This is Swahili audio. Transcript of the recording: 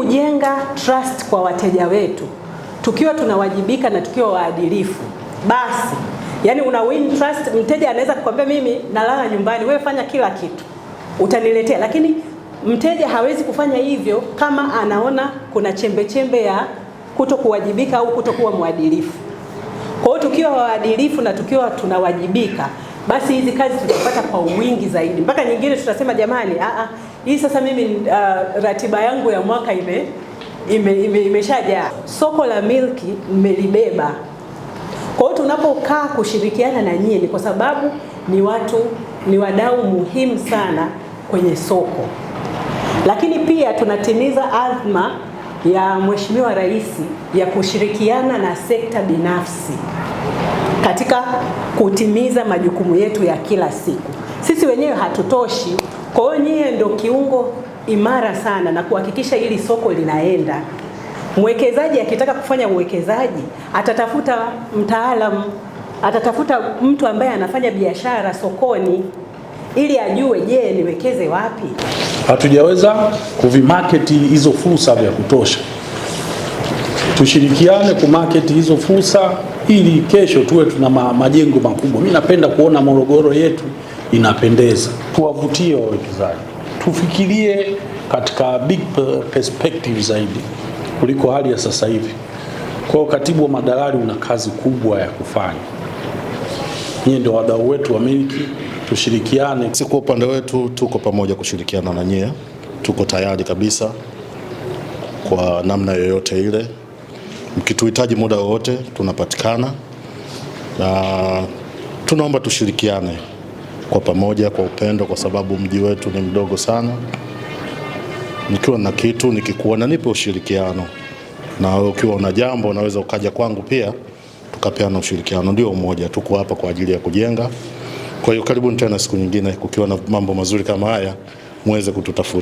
kujenga trust kwa wateja wetu, tukiwa tunawajibika na tukiwa waadilifu, basi yani una win trust. Mteja anaweza kukwambia mimi nalala nyumbani, wewe fanya kila kitu utaniletea, lakini mteja hawezi kufanya hivyo kama anaona kuna chembe chembe ya kuto kuwajibika au kutokuwa mwadilifu. Kwa hiyo tukiwa waadilifu na tukiwa tunawajibika, basi hizi kazi tutapata kwa wingi zaidi, mpaka nyingine tutasema jamani, aa hii sasa mimi uh, ratiba yangu ya mwaka ime imeshajaa ime, ime soko la milki nimelibeba. Kwa hiyo tunapokaa kushirikiana na nyie ni kwa sababu ni watu ni wadau muhimu sana kwenye soko, lakini pia tunatimiza azma ya Mheshimiwa Rais ya kushirikiana na sekta binafsi katika kutimiza majukumu yetu ya kila siku. Sisi wenyewe hatutoshi. Kwa hiyo nyie ndio kiungo imara sana na kuhakikisha hili soko linaenda. Mwekezaji akitaka kufanya uwekezaji atatafuta mtaalamu, atatafuta mtu ambaye anafanya biashara sokoni ili ajue, je, niwekeze wapi? Hatujaweza kuvimarket hizo fursa vya kutosha. Tushirikiane kumarket hizo fursa ili kesho tuwe tuna majengo makubwa. Mimi napenda kuona Morogoro yetu inapendeza, tuwavutie wawekezaji, tufikirie katika big perspective zaidi kuliko hali ya sasa hivi. Kwa hiyo, katibu wa madalali, una kazi kubwa ya kufanya. Nyie ndio wadau wetu wa miliki, tushirikiane. Sisi kwa upande wetu tuko pamoja kushirikiana na nyie, tuko tayari kabisa kwa namna yoyote ile. Mkituhitaji muda wowote tunapatikana, na tunaomba tushirikiane kwa pamoja, kwa upendo, kwa sababu mji wetu ni mdogo sana. Nikiwa na kitu nikikuwa na nipe ushirikiano, na ukiwa una jambo unaweza ukaja kwangu pia tukapeana ushirikiano. Ndio umoja, tuko hapa kwa ajili ya kujenga. Kwa hiyo karibuni tena siku nyingine, kukiwa na mambo mazuri kama haya muweze kututafuta.